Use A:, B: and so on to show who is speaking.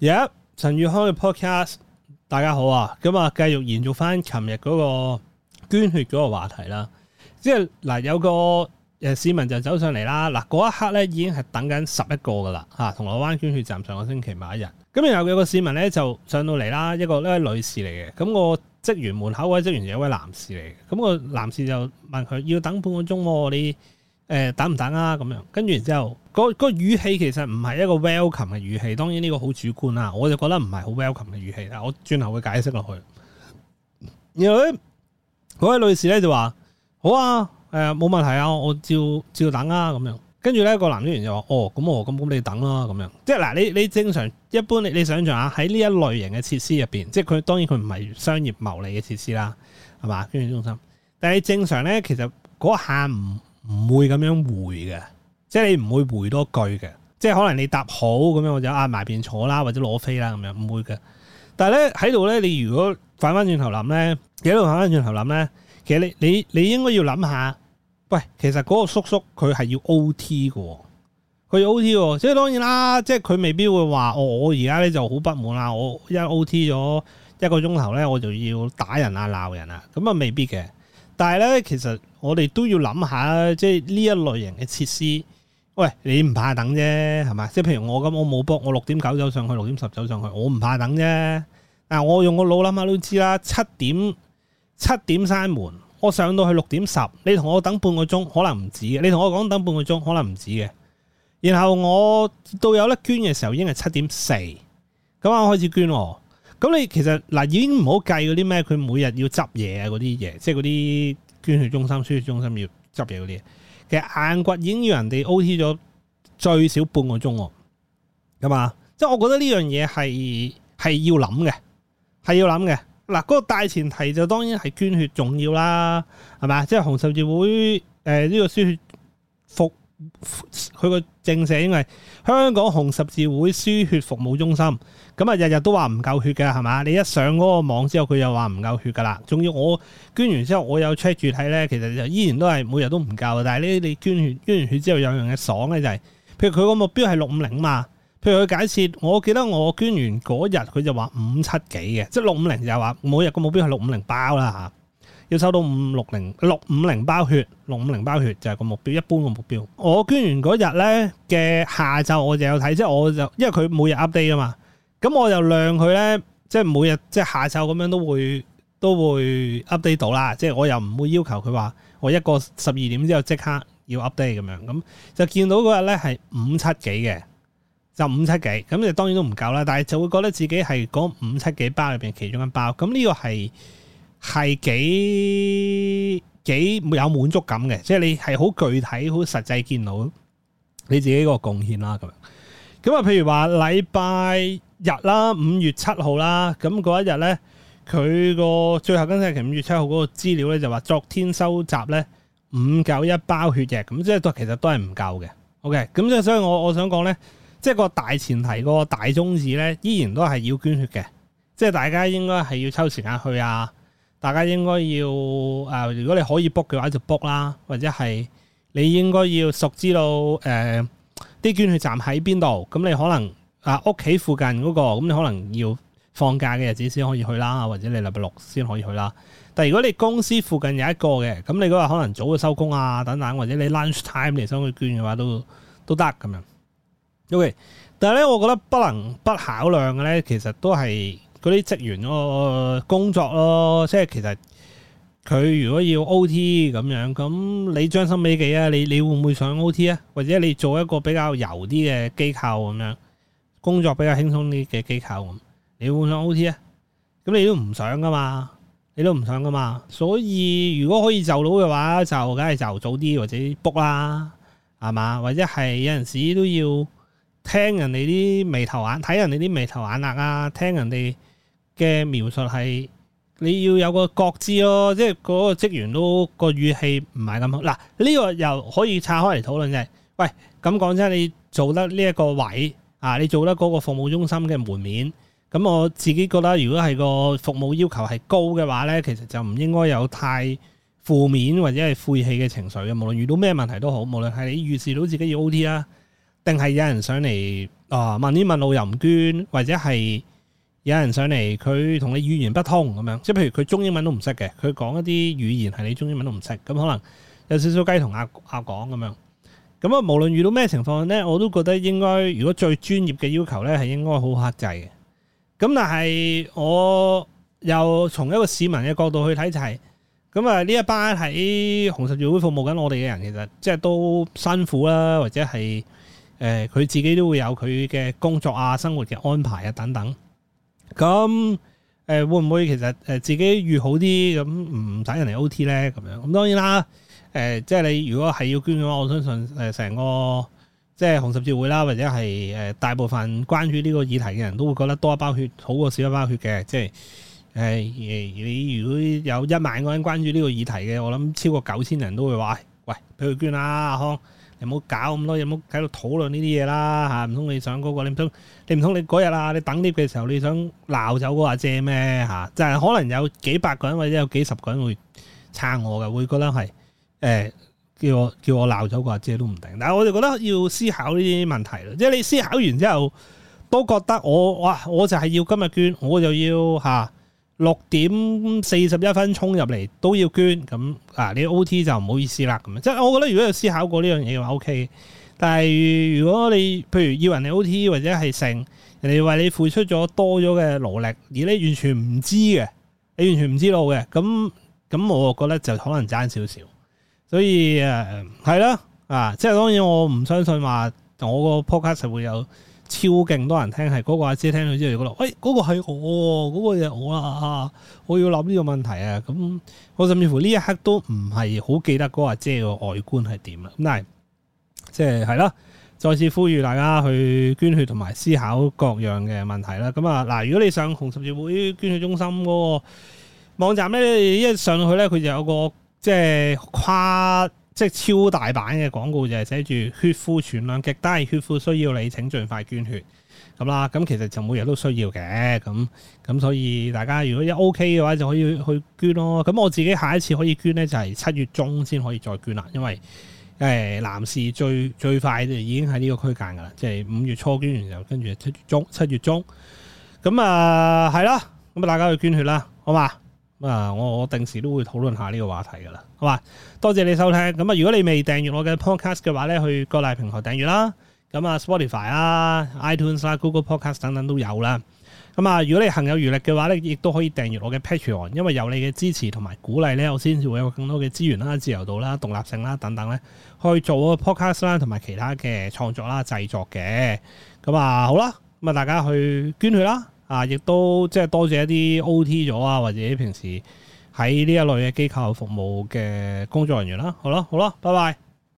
A: 有、yeah, 陳宇康嘅 podcast，大家好啊，咁啊繼續延續翻琴日嗰個捐血嗰個話題啦，即係嗱有個市民就走上嚟啦，嗱嗰一刻咧已經係等緊十一個噶啦嚇，銅鑼灣捐血站上個星期某一日，咁然後有個市民咧就上到嚟啦，一個咧女士嚟嘅，咁個職員門口位職員有一位男士嚟嘅，咁、那個男士就問佢要等半個鐘喎、哦，你？誒、呃、等唔等啊？咁樣跟住然之後，嗰、嗰個語氣其實唔係一個 welcome 嘅語氣。當然呢個好主觀啦，我就覺得唔係好 welcome 嘅語氣。但係我轉頭會解釋落去。然後嗰位女士咧就話：好啊，冇、呃、問題啊，我照照等啊咁樣。跟住咧，嗰個男僱員就話：哦，咁我咁咁你等啦、啊、咁樣。即係嗱，你你正常一般你你想象下喺呢一類型嘅設施入邊，即係佢當然佢唔係商業牟利嘅設施啦，係嘛？經理中心，但係正常咧，其實嗰下唔～唔會咁樣回嘅，即係你唔會回多句嘅，即係可能你答好咁樣我就壓埋邊坐啦，或者攞飛啦咁樣，唔會嘅。但係咧喺度咧，你如果反翻轉頭諗咧，喺度反翻轉頭諗咧，其實你你你應該要諗下，喂，其實嗰個叔叔佢係要 OT 嘅，佢要 OT 喎，即係當然啦，即係佢未必會話哦我而家咧就好不滿啦，我一 OT 咗一個鐘頭咧我就要打人啊鬧人啊，咁啊未必嘅。但係咧，其實我哋都要諗下，即係呢一類型嘅設施，喂，你唔怕等啫，係嘛？即係譬如我咁，我冇搏我六點九走上去，六點十走上去，我唔怕等啫。嗱、啊，我用我腦諗下都知啦，七點七點閂門，我上到去六點十，你同我等半個鐘，可能唔止嘅。你同我講等半個鐘，可能唔止嘅。然後我到有得捐嘅時候，已經係七點四，咁我開始捐喎。咁你其實嗱已經唔好計嗰啲咩，佢每日要執嘢啊嗰啲嘢，即係嗰啲捐血中心、輸血中心要執嘢嗰啲嘢。其實硬骨已經要人哋 O.T. 咗最少半個鐘咁嘛。即係我覺得呢樣嘢係係要諗嘅，係要諗嘅。嗱、那、嗰個大前提就當然係捐血重要啦，係咪啊？即係紅十字會誒、呢個輸血服。佢個正社，因為香港紅十字會輸血服務中心咁啊，日日都話唔夠血嘅，係嘛？你一上嗰個網之後，佢又話唔夠血噶啦。仲要我捐完之後，我有 check 住睇呢，其實就依然都係每日都唔夠。但係呢，你捐血捐完血之後有樣嘢爽嘅就係、是，譬如佢個目標係六五零嘛。譬如佢解釋，我記得我捐完嗰日，佢就話五七幾嘅，即係六五零就話每日個目標係六五零包啦吓。要收到五六零六五零包血，六五零包血就係個目標，一般個目標。我捐完嗰日咧嘅下晝，我就有睇，即係我就因為佢每日 update 啊嘛，咁我就量佢咧，即係每日即係下晝咁樣都會都會 update 到啦。即係我又唔會要求佢話我一個十二點之後即刻要 update 咁樣，咁就見到嗰日咧係五七幾嘅，就五七幾，咁你當然都唔夠啦。但係就會覺得自己係嗰五七幾包入面其中一包，咁呢個係。係幾幾有滿足感嘅，即係你係好具體好實際見到你自己個貢獻啦。咁樣咁啊，譬如話禮拜日啦，五月七號啦，咁嗰一日咧，佢個最後更新期五月七號嗰個資料咧就話昨天收集咧五九一包血液，咁即係都其實都係唔夠嘅。OK，咁即係所以我我想講咧，即係個大前提嗰個大宗旨咧，依然都係要捐血嘅，即係大家應該係要抽時間去啊。大家應該要、呃、如果你可以 book 嘅話就 book 啦，或者係你應該要熟知道誒啲捐血站喺邊度。咁你可能啊屋企附近嗰個，咁你可能要放假嘅日子先可以去啦，或者你禮拜六先可以去啦。但係如果你公司附近有一個嘅，咁你嗰可能早就收工啊等等，或者你 lunch time 嚟想去捐嘅話都都得咁樣。OK，但係咧，我覺得不能不考量嘅咧，其實都係。嗰啲職員嗰個工作咯，即係其實佢如果要 O T 咁樣，咁你將心比己啊，你你會唔會上 O T 啊？或者你做一個比較油啲嘅機構咁樣，工作比較輕鬆啲嘅機構，你會唔會上 O T 啊？咁你都唔想噶嘛，你都唔想噶嘛。所以如果可以就到嘅話，就梗係就早啲或者 book 啦，係嘛？或者係有陣時都要聽人哋啲眉頭眼，睇人哋啲眉頭眼額啊，聽人哋。嘅描述係你要有個覺知咯，即係嗰個職員都、嗰個語氣唔係咁好。嗱，呢個又可以拆開嚟討論啫。喂，咁講真，你做得呢一個位啊，你做得嗰個服務中心嘅門面，咁我自己覺得，如果係個服務要求係高嘅話呢，其實就唔應該有太負面或者係晦氣嘅情緒嘅。無論遇到咩問題都好，無論係你預示到自己要 O T 啦、啊，定係有人上嚟啊、哦、問呢問路又唔捐，或者係。有人上嚟，佢同你語言不通咁樣，即係譬如佢中英文都唔識嘅，佢講一啲語言係你中英文都唔識，咁可能有少少雞同鴨鴨講咁樣。咁啊，無論遇到咩情況呢，我都覺得應該，如果最專業嘅要求呢，係應該好克制嘅。咁但係我又從一個市民嘅角度去睇就係、係，咁啊呢一班喺紅十字會服務緊我哋嘅人，其實即係都辛苦啦，或者係佢、呃、自己都會有佢嘅工作啊、生活嘅安排啊等等。咁誒、嗯、會唔會其實自己預好啲咁唔使人嚟 OT 呢？咁、嗯、咁當然啦、呃、即係你如果係要捐嘅話，我相信成個即係紅十字會啦，或者係大部分關注呢個議題嘅人都會覺得多一包血好過少一包血嘅，即係、呃、你如果有一萬個人關注呢個議題嘅，我諗超過九千人都會話：喂，俾佢捐啦、啊，阿康！唔好搞咁多，唔冇喺度討論呢啲嘢啦嚇，唔通你想嗰、那個？道你唔通？你唔通？你嗰日啊，你等 lift 嘅時候，你想鬧走嗰個阿姐咩嚇？即、就、係、是、可能有幾百個人，或者有幾十個人會撐我噶，會覺得係誒、呃、叫我叫我鬧走個阿姐，姐都唔定。但係我哋覺得要思考呢啲問題咯，即、就、係、是、你思考完之後都覺得我哇，我就係要今日捐，我就要吓。啊六點四十一分衝入嚟都要捐，咁、啊、你 O T 就唔好意思啦，咁即係我覺得如果有思考過呢樣嘢，OK。但係如果你譬如要人哋 O T 或者係成人哋為你付出咗多咗嘅勞力，而你完全唔知嘅，你完全唔知道嘅，咁咁我覺得就可能爭少少。所以係啦、嗯，啊，即係當然我唔相信話我個 Podcast 就會有。超勁多人聽，係嗰個阿姐，姐聽到之後就，佢、欸、話：喂，嗰個係我，嗰、嗰個係我啦、啊、我要諗呢個問題啊，咁我甚至乎呢一刻都唔係好記得嗰個阿姐個外觀係點啦。咁但係，即係係啦，再次呼籲大家去捐血同埋思考各樣嘅問題啦。咁啊，嗱，如果你上紅十字會捐血中心嗰、嗰個網站咧，一上去咧，佢就有個即係跨。即係超大版嘅廣告就係寫住血庫存量極低，血庫需要你請盡快捐血咁啦。咁其實就每日都需要嘅咁，咁所以大家如果一 OK 嘅話，就可以去捐咯。咁我自己下一次可以捐呢，就係七月中先可以再捐啦。因為誒男士最最快就已經喺呢個區間噶啦，即係五月初捐完就跟住七月中七月中。咁啊，係啦，咁大家去捐血啦，好嘛？咁啊，我我定時都會討論下呢個話題噶啦，好嘛？多謝你收聽。咁啊，如果你未訂閱我嘅 podcast 嘅話咧，去各大平台訂閱啦。咁啊，Spotify 啦、啊、iTunes 啦、啊、Google Podcast 等等都有啦。咁啊，如果你行有餘力嘅話咧，亦都可以訂閱我嘅 Patreon，因為有你嘅支持同埋鼓勵咧，我先至會有更多嘅資源啦、自由度啦、獨立性啦等等咧，去做個 podcast 啦，同埋其他嘅創作啦、製作嘅。咁啊，好啦，咁啊，大家去捐血啦。啊！亦都即係多謝一啲 OT 咗啊，或者平時喺呢一類嘅機構服務嘅工作人員啦。好咯，好咯，拜拜。